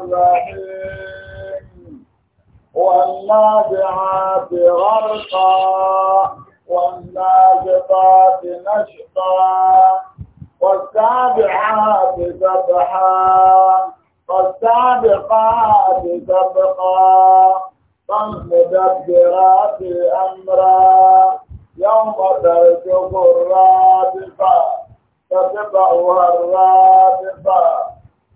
الرحيم والنازعات غرقا والنازفات نشقا والسابعات سبحا والسابقات سبقا فالمدبرات أمرا يوم ترجف الرادفة تتبعها الرادفة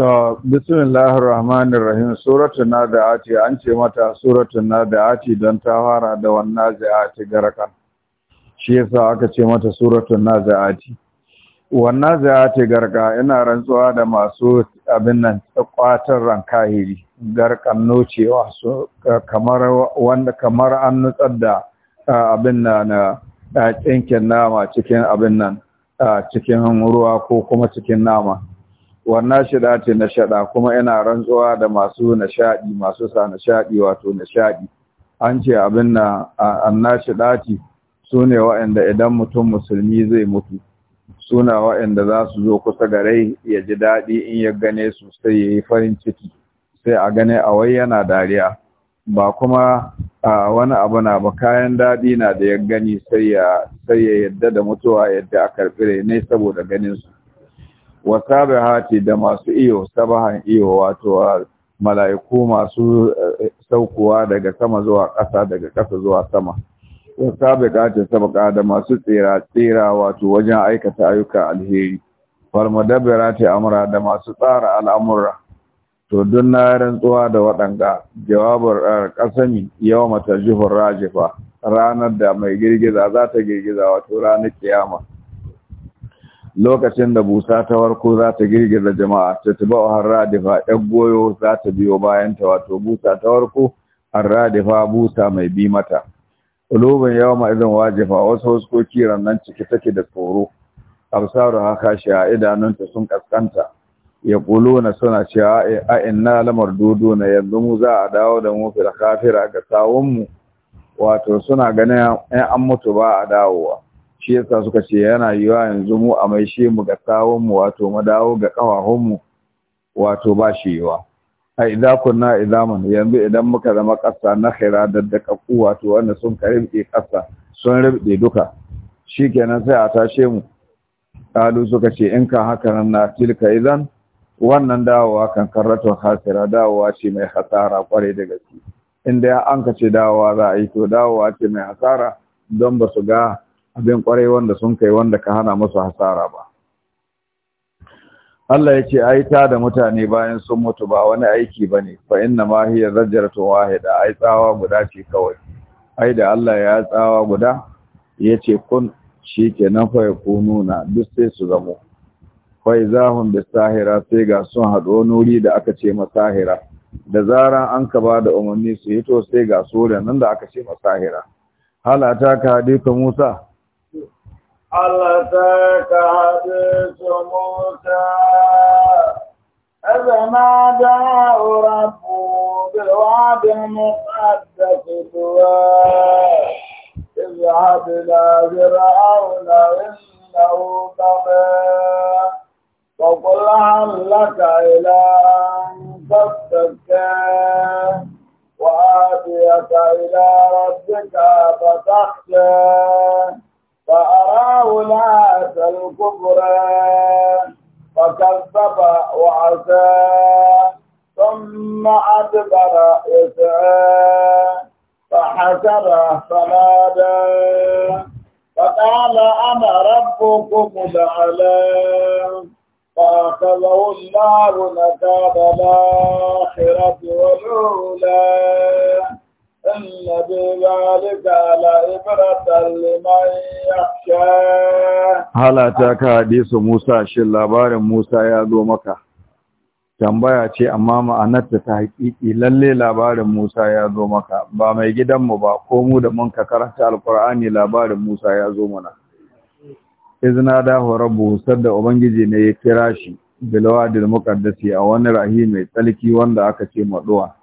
To, bismillah ar-Rahman ar-Rahim, suratun nadi'ati an ce mata suratun nadi'ati don ta fara da wannan zai'ati garakan. Shi yasa aka ce mata suratun nadi'ati. Wannan zai'ati garka yana rantsuwa da masu abin nan kwatar rankahiri, garkan nocewa su kamar kamar an nutsar da abin nan nama cikin abin nan. A cikin ruwa ko kuma cikin nama wannan shida ce na shada kuma ina rantsuwa da masu nashadi masu sa nashadi wato nashadi an ce abin na annashidati su ne wa'anda idan mutum musulmi zai mutu suna wa'anda za su zo kusa gare ya ji daɗi in ya gane su sai ya yi farin ciki sai a gane a wai yana dariya ba kuma a wani abu na ba kayan daɗi na da ya gani sai ya yadda da mutuwa yadda a karfi ne saboda ganinsu wa hati da masu iyo sabahan iyo wato mala'iku masu e, saukowa daga sama zuwa ƙasa daga ƙasa zuwa sama wa sabiqati sabaka da masu tsira tsira wato wajen aikata ayyukan alheri wal a amra da masu tsara al'amura to don na rantsuwa da waɗanda, jawabar ƙasami yau mata jihun rajifa ranar da mai girgiza za ta girgiza wato ranar kiyama lokacin da busa ta warko za ta girgiza jama'a ta tuba har radifa ɗan goyo za ta biyo bayanta wato busa ta warko radifa busa mai bi mata ulubin yawa ma izin wajifa wasu huskoki nan ciki take da tsoro absaru haka shi a idanunta sun kaskanta ya kuluna suna cewa a ina lamar dodo na yanzu mu za a dawo da mu da kafira ga sawunmu wato suna ganin yan an mutu ba a dawowa shi yasa suka ce yana yiwa yanzu mu a shi mu ga sawunmu wato mu dawo ga kawahunmu wato ba shi yiwa a idza kunna idaman yanzu idan muka zama kasa na khaira da dakaku wato wanda sun karbe kasa sun rubde duka shikenan sai a tashe mu kalu suka ce in ka haka nan na tilka idan wannan dawowa kan karratun hasira dawowa ce mai hasara kwarai da gaske inda ya an kace dawowa za a yi to dawowa ce mai hasara don ba su ga abin kwarai wanda sun kai wanda ka hana musu hasara ba Allah ya ce ai ta da mutane bayan sun mutu ba wani aiki ba ne fa inna ma hiya zajratun wahida ai tsawa guda ce kawai ai da Allah ya tsawa guda yace kun shi nan fa ya kununa duk sai su zamo fai zahun da sahira sai ga sun haɗo nuri da aka ce masahira da zaran an ka ba da umarni su yi to sai ga su nan da aka ce masahira halata ka ka musa halata ka hadithu musa azama da rabbu bil wadi muqaddas tuwa اذهب إلى فرعون إنه طغى فقل لعلك إلى أن تتكى وآتيك إلى ربك فتخشى فأراه الآية الكبرى فكذب وعسى ثم أدبر يسعى فحسب فنادى فقال أنا ربكم الأعلى فأخذه النار نكال الآخرة والأولى إن في لعبرة لمن يخشى هل أتاك حديث موسى labarin Musa ya zo maka tambaya ce amma ma'anarta ta haƙiƙi lalle labarin Musa ya zo maka ba mai gidanmu ba ko mu da mun ka karanta alƙur'ani labarin Musa ya zo mana Izina da rabbu da ubangiji ne ya kira shi bilwadil muqaddasi a wani rahi mai tsalki wanda aka ce maduwa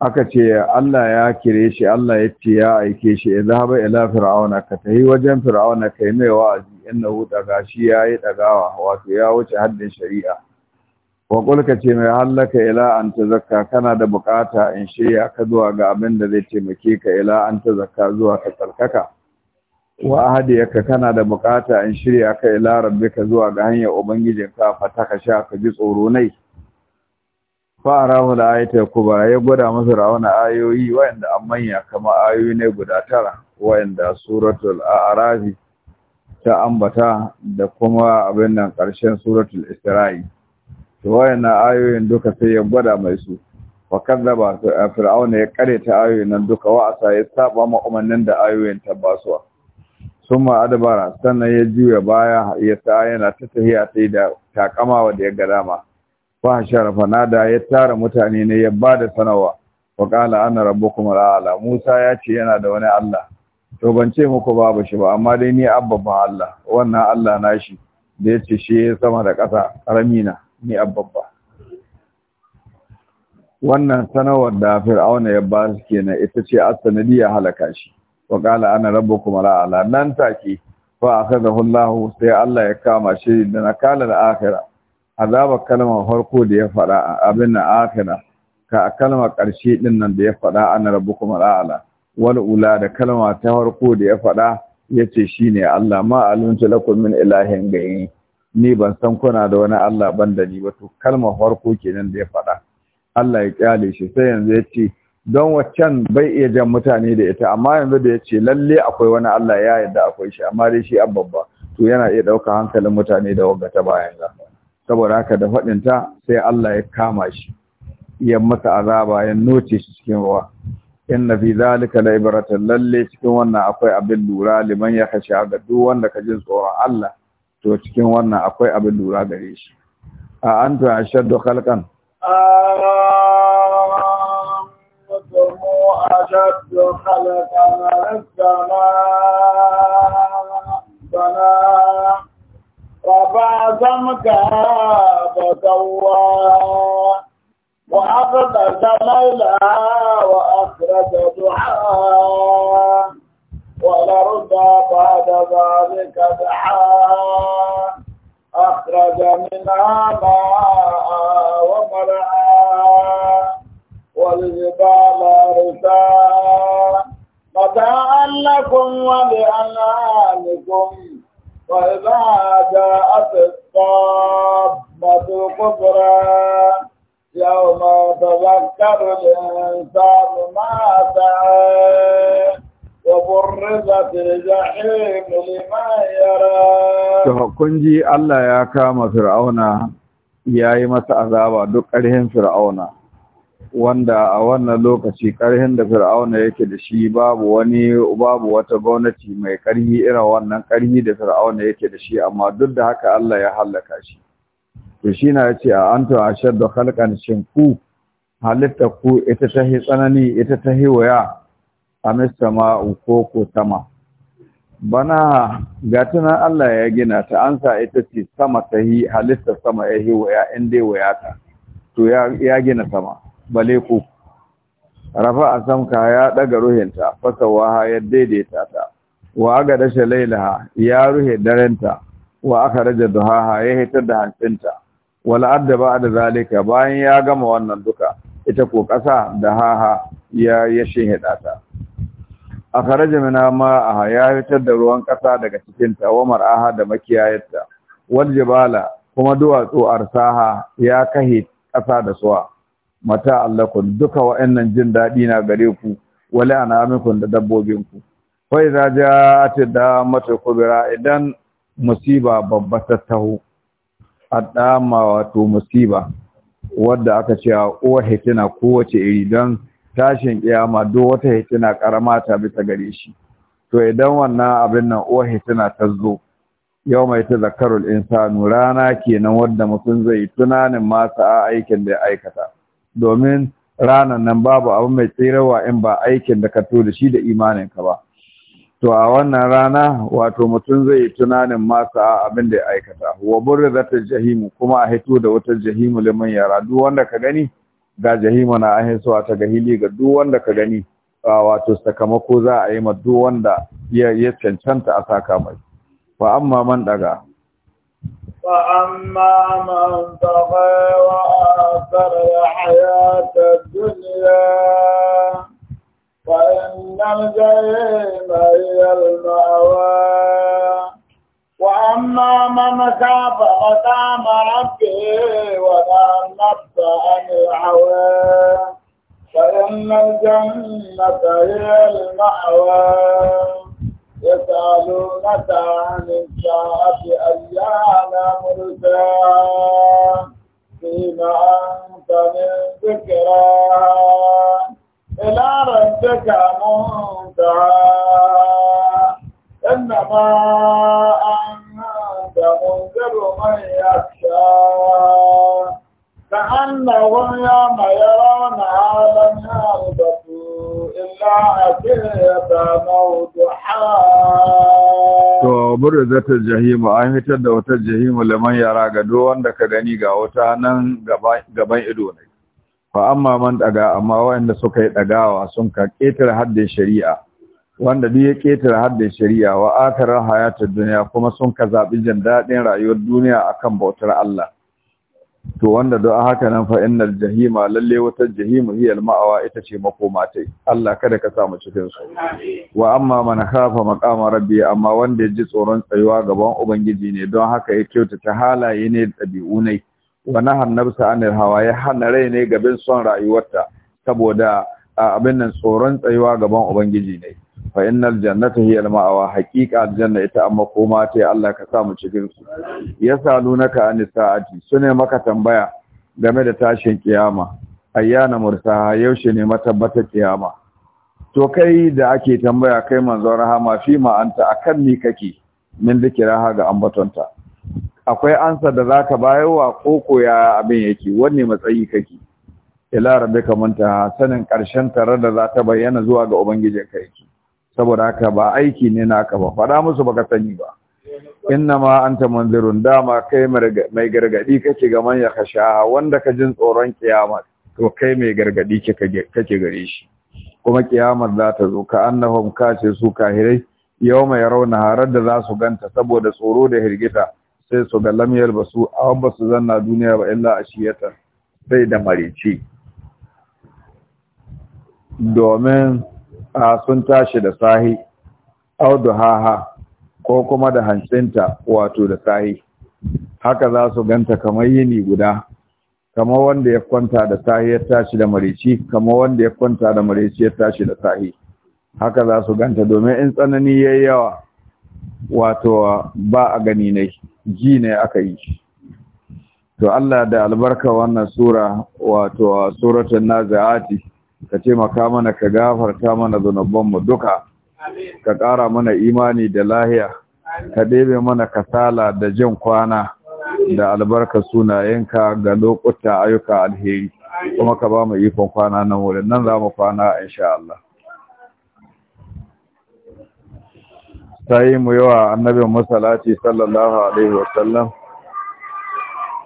aka ce Allah ya kire shi Allah ya ce ya aike shi izhaba ila fir'auna ka tahi wajen fir'auna kai mai wa'azi innahu daga shi yayi dagawa wato ya wuce haddin shari'a wa ka ce mai hallaka ila an tazakka kana da bukata in shirya ka zuwa ga abin da zai taimake ka ila an tazakka zuwa ka tsarkaka wa yaka kana da bukata in shirya ka ila rabbika zuwa ga hanyar ubangijin ta ka sha ka ji tsoro nai farahu da ayatul kubra ya gwada masa rawana ayoyi wayanda an manya kama ayoyi ne guda tara wayanda suratul a'raf ta ambata da kuma abin nan karshen suratul isra'i to wayannan ayoyin duka sai ya gwada mai su wa kadzaba fir'auna ya kare ta ayoyin nan duka wa asa ya saba ma umannin da ayoyin tabbasuwa sun adabara sannan ya juya baya ya sa yana ta tahiya sai da takamawa da ya ga Ba fa sharafa nada ya tara mutane ne ya ba da sanawa wa kala ana kuma ala Musa ya ce yana da wani Allah to ban ce muku babu shi ba amma dai ni abba ba Allah wannan Allah na shi da ya ce shi sama da ƙasa karami ni abba ba wannan sanawar da Fir'auna ya ba su kenan ita ce asanadiya ya halaka shi Waƙala ana rabu kuma al'ala nan take a akhadahu hulahu sai Allah ya kama shi da nakalar akhira azaba kalmar farko da ya fada abin na akhira ka kalmar karshe ɗin nan da ya fada ana kuma al'ala wani ula da kalma ta farko da ya fada yace shine Allah ma aluntu lakum lakumin ilahin gairi ni ban san kuna da wani Allah da ni ba to kalmar farko kenan da ya fada Allah ya kyale shi sai yanzu yace don waccan bai iya jan mutane da ita amma yanzu da ya ce lalle akwai wani Allah ya yarda akwai shi amma dai shi babba to yana iya ɗauka hankalin mutane da wagata ta bayan ga saboda haka da faɗinta sai Allah ya kama shi ya masa azaba ya noce shi cikin ruwa inna fi zalika la ibratan lalle cikin wannan akwai abin lura liman ya kashe ga duk wanda ka jin tsoron Allah to cikin wannan akwai abin lura gare shi a anta ashaddu khalqan أشد خلقا من السماء بناء رفع سمكا فسوى وأغطش ليلها وأخرج دعاء ولرد بعد ذلك دعاء أخرج منها ماء ومرأة والجبال أرسا متاعا لكم ولأنعامكم وإذا جاءت الطامة الكبرى يوم تذكر الإنسان ما سعى وبرزت الجحيم لما يرى. كنجي الله يا كام فرعون يا يمس عذابا دك عليهم فرعون. wanda a wannan lokaci ƙarhin da fir'auna yake da shi babu wani babu wata gwamnati mai ƙarhi irin wannan ƙarhi da fir'auna yake da shi amma duk da haka Allah ya hallaka shi to shi na yace a antum ashaddu khalqan shin ku halitta ku ita ta hi tsanani ita ta hi waya amis sama'u ko ko sama bana ga tunan Allah ya gina ta ansa ita ce sama ta hi halitta sama ya hi waya in dai waya ta to ya gina sama Baleku, rafa a samka ya ɗaga ruhinta fasa waha ya daidaita ta wa aga dashe lailaha ya ruhe darenta wa aka raja duhaha ya hitar da hancinta wal'adda ba da zalika bayan ya gama wannan duka ita ko ƙasa da haha ya ya shehida ta aka raja ma ma'aha ya hitar da ruwan ƙasa daga cikinta wa aha da makiyayarta wal jibala kuma duwatsu a arsaha ya kahe ƙasa da suwa mata allakun duka wa'annan jin daɗi na gare ku wala anamikun da dabbobinku fa ce ja'at mata kubira idan musiba babba ta taho adama wato musiba wadda aka ce uwa hitina kowace iri don tashin kiyama do wata hitina karama ta bisa gare shi to idan wannan abin nan uwa hitina ta zo yau mai ta zakarul insanu rana kenan wadda mutum zai tunanin masa aikin da ya aikata domin ranar nan babu abu mai tserewa in ba aikin da ka to da shi da imaninka ba to a wannan rana wato mutum zai yi tunanin masa abin da ya aikata wa burin zata jahimu kuma a hito da wata jahimu liman yara duk wanda ka gani ga jahimu na ahin ta ga hili ga duk wanda ka gani wato sakamako za a yi ma duk wanda ya cancanta a saka mai Ba amma man ɗaga. فأما من طغى وآثر الحياة الدنيا فإن الجحيم هي المأوى وأما من خاف مقام ربه ودعا النفس عن الهوى فإن الجنة هي المأوى يسألونك عن فيما أنت من إلى ربك منتهى إنما أنت منذر من يخشى كأنهم يوم يرون عالم يلبثوا To, عتيبا Da دحاء an hitar da wata jahim liman yara ga do wanda ka gani ga wata nan gaban ido ne fa amma man daga amma wanda suka yi dagawa sun ka ketar haddin shari'a wanda duk ya ketare haddin shari'a wa akarar hayatar duniya kuma sun ka zaɓi jin daɗin rayuwar duniya akan bautar Allah to wanda da haka nan fa innal jahima lalle wata jahimu hiya ma'awa ita ce makoma ta Allah kada ka samu cikin su wa amma man khafa maqama rabbi amma wanda ya ji tsoron tsayuwa gaban ubangiji ne don haka ya kyautata halaye ne da dabi'u ne wa nahar nafsa anil hawa ya hana rai ne gaban son rayuwarta saboda abin nan tsoron tsayuwa gaban ubangiji ne fa innal jannata hiya al-ma'awa haqiqa aljanna ita amma koma ta Allah ka sa mu cikin su yasalunaka an sa'ati sune maka tambaya game da tashin kiyama ayyana mursaha yaushe ne matabbata kiyama to kai da ake tambaya kai manzo rahama fi ma anta akan ni kake min dikiraha ga ambatonta akwai ansa da zaka bayarwa ko koya abin yake wanne matsayi kake ila rabbika muntaha sanin karshen tare da za ta bayyana zuwa ga ubangijin ka yake saboda haka ba aiki ne na ka ba faɗa musu baka sani ba inna ma anta munzirun dama kai mai gargadi kake ga manya kasha wanda ka jin tsoron kiyama to kai mai gargaɗi kake gare shi kuma kiyamar za ta zo ka annahum kace su kahirai yau mai rauna harar da za su ganta saboda tsoro da hirgita sai su ga lamiyar ba su an ba su zanna duniya ba illa a shiyata sai da marici domin A sun tashi da sahi audu haha ko kuma da hancinta wato da sahi haka za su ganta kamar yini guda kamar wanda ya kwanta da sahi ya tashi da marici kamar wanda ya kwanta da marici ya tashi da sahi haka za su ganta domin in tsanani ya yi yawa wato ba a gani ne ji ne aka yi to Allah da albarka wannan sura wato suratul naziati ka taimaka mana ka gafarta mana zunubanmu duka ka ƙara mana imani da lahiya ka ɗebe mana kasala da jin kwana da albarka sunayenka ga lokuta ayyuka alheri kuma ka ba mu ikon kwana nan wurin nan za mu kwana insha Allah sai mu wa annabin masallaci sallallahu alaihi sallam.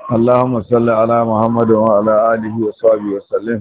Allahumma salli ala Muhammad wa ala alihi wa sahbihi wa sallam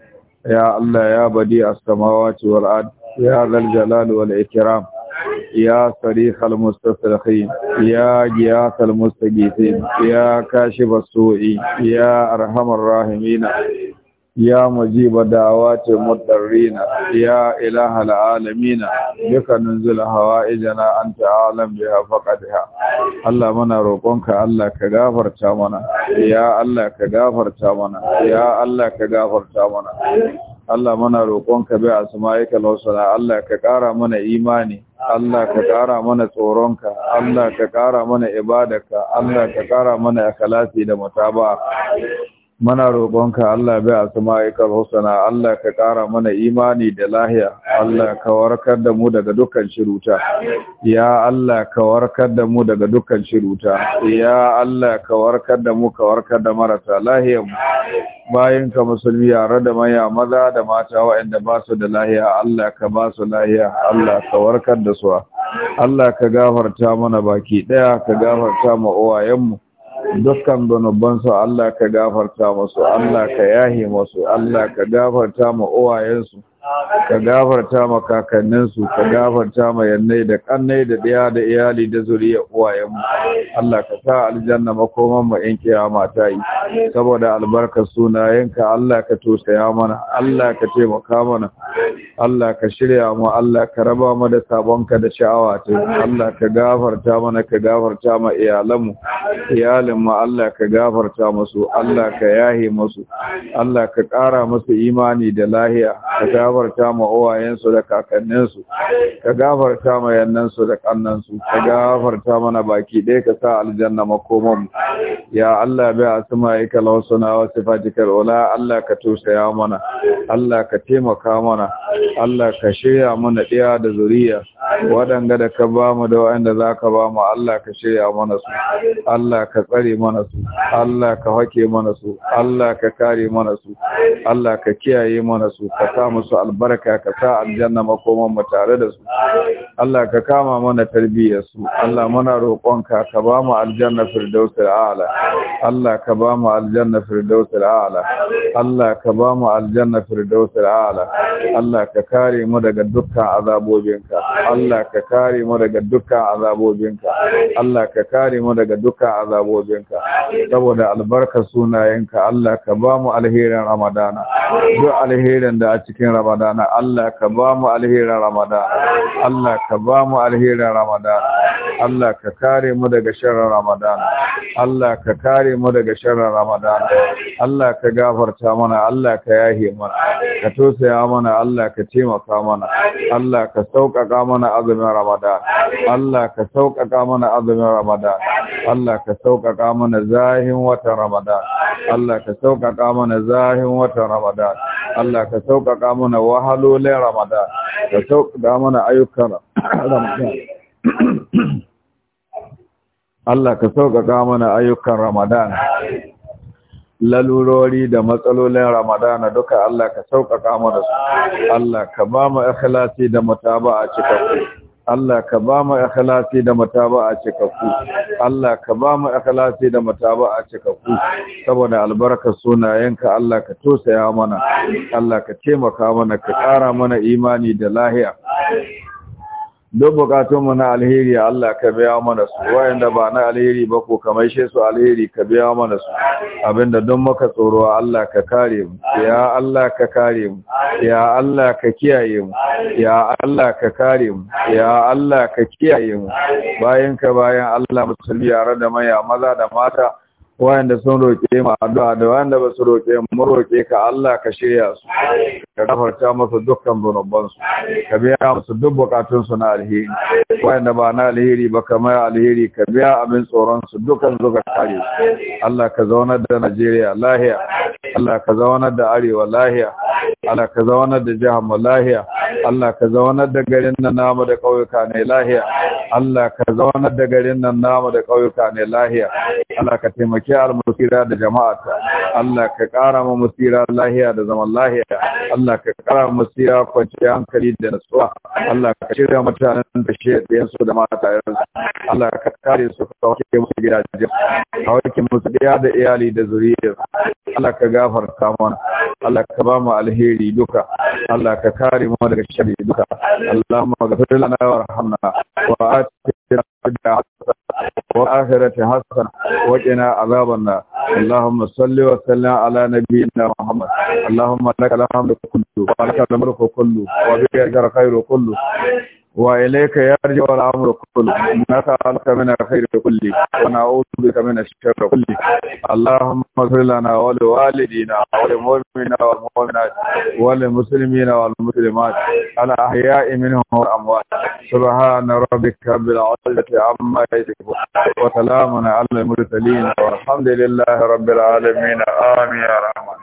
يا الله يا بديع السماوات والأرض يا ذا الجلال والإكرام يا صريخ المستصرخين يا جياث المستجيثين يا كاشف السوء يا أرحم الراحمين يا مجيب دعوات المضطرين يا إله العالمين بك ننزل هوائجنا أنت عالم بها فقدها الله منا روكونك الله كغافر تامنا يا الله كغافر تامنا يا الله كغافر تامنا Allah mana roƙonka bai asma'ika lausana Allah ka ƙara mana imani Allah ka ƙara mana tsoronka Allah ka ƙara mana ibadarka Allah ka ƙara mana akalasi da mutaba'a muna roƙonka Allah bai asma'ikal husna Allah ka ƙara mana imani da lahiya Allah ka warkar da mu daga dukkan shiruta ya Allah ka warkar da mu daga dukkan shiruta ya Allah ka warkar da mu ka warkar da marasa lahiyar mu bayan ka musulmi yare da maya maza da mata waɗanda ba su da lahiya Allah ka ba su lahiya Allah ka warkar da su Allah ka gafarta mana baki ɗaya ka gafarta ma uwayenmu dukkan zunubansu Allah ka gafarta masu Allah ka yahi masu Allah ka gafarta ma uwayensu ka gafarta ma kakanninsu ka gafarta ma yannai da kannai da ɗaya da iyali da zuriya uwayenmu Allah ka sa aljanna makoman mu in kiyama ta yi saboda albarkar sunayenka Allah ka tosaya mana Allah ka taimaka mana Allah ka shirya mu Allah ka raba mu da sabonka da sha'awa ta Allah ka gafarta mana ka gafarta ma iyalanmu iyalin mu Allah ka gafarta musu Allah ka yahe musu Allah ka ƙara musu imani da lahiya ka gafarta ma uwayensu da kakanninsu ka gafarta ma yannansu da kannansu ka gafarta mana baki ɗaya ka sa aljanna makoman ya Allah bai asma'ika lausuna wa sifatikal ula Allah ka tusaya mana Allah ka taimaka mana Allah ka shirya mana ɗaya da zuriya waɗanda da ka ba mu da waɗanda za ka ba mu Allah ka shirya mana su Allah ka tsare mana su Allah ka hake mana su Allah ka kare mana su Allah ka kiyaye mana su ka sa musu albarka ka sa aljanna makoman mu tare da su Allah ka kama mana tarbiyyar su Allah muna roƙonka ka ba mu aljanna firdausul a'la Allah ka ba mu aljanna firdausul a'la Allah ka ba mu aljanna firdausul a'la Allah ka kare mu daga dukkan azabobinka Allah ka kare mu daga dukkan azabobinka Allah ka kare mu daga dukkan azabobinka saboda albarkar sunayenka Allah ka ba mu alherin Ramadana duk alherin da a cikin Ramadana ramadana Allah ka ba mu alherin ramadana Allah ka ba mu alherin ramadana Allah ka kare mu daga sharrin ramadana Allah ka kare mu daga sharrin ramadana Allah ka gafarta mana Allah ka yahe mana ka tosaya mana Allah ka taimaka mana Allah ka sauƙaƙa mana azumin ramadan Allah ka sauƙaƙa mana azumin ramadan Allah ka sauƙaƙa mana zahin watan ramadan Allah ka sauƙaƙa mana zahin watan ramadan Allah ka sauƙaƙa mana wahalolin ramadan da sauƙaƙa mana ayyukan ramadan Allah ka sauƙaƙa mana ayyukan ramadan lalurori da matsalolin ramadana duka Allah ka sauƙaƙa mana su Allah ka ba mu ikhlasi da mutaba'a cikakku Allah ka ba mu ikhlasi da mataba a cikakku Allah ka ba mu ikhlasi da mataba a cikakku saboda albarkar sunayenka Allah ka tosaya mana Allah ka taimaka mana ka ƙara mana imani da lahiya duk bukatunmu na alheri Allah ka biya mana su wayanda ba na alheri ba ko kamar shi su alheri ka biya mana su abinda don muka tsoro Allah ka kare mu ya Allah ka kare mu ya Allah ka kiyaye mu ya Allah ka kare mu ya Allah ka kiyaye mu bayan ka bayan Allah musulmi yare da maya maza da mata wayanda sun roƙe mu addu'a da wayanda ba su roƙe mu mu roƙe ka Allah ka shirya su ka gafarta musu dukkan zunuban su ka biya musu duk bukatun su na alheri wayanda ba na alheri ba kamar alheri ka biya abin tsoron su dukkan zuka kare Allah ka zaunar da Najeriya lahiya Allah ka zaunar da Arewa lahiya Allah ka zaunar da jihar mu lahiya Allah ka zaunar da garin nan namu da ƙauyuka ne lahiya Allah ka zaunar da garin nan namu da ƙauyuka ne lahiya Allah ka taimaki almusira da jama'ata Allah ka ƙara mu musira lahiya da zaman lahiya Allah ka ƙara mu musira kwanciyar hankali da nutsuwa Allah ka shirya mutanen da shedayen su da matayensu Allah ka kare su ka kawo musu gidajen ka musu da iyali da zuriya Allah ka gafarta mana Allah ka ba mu alheri duka Allah ka kare mu daga sharri duka Allahumma ghfir lana warhamna wa atina وآخرة حسنة وقنا عذاب النار اللهم صل وسلم على نبينا محمد اللهم لك الحمد كله ولك الملك كله وبيدك الخير كله وإليك يرجع الأمر كله نسألك من الخير كله ونعوذ بك من الشر كله اللهم اغفر لنا ولوالدينا وللمؤمنين والمؤمنات وللمسلمين والمسلمات الأحياء منهم والأموات سبحان ربك رب العزة عما يصفون وسلام على المرسلين والحمد لله رب العالمين آمين يا رحمن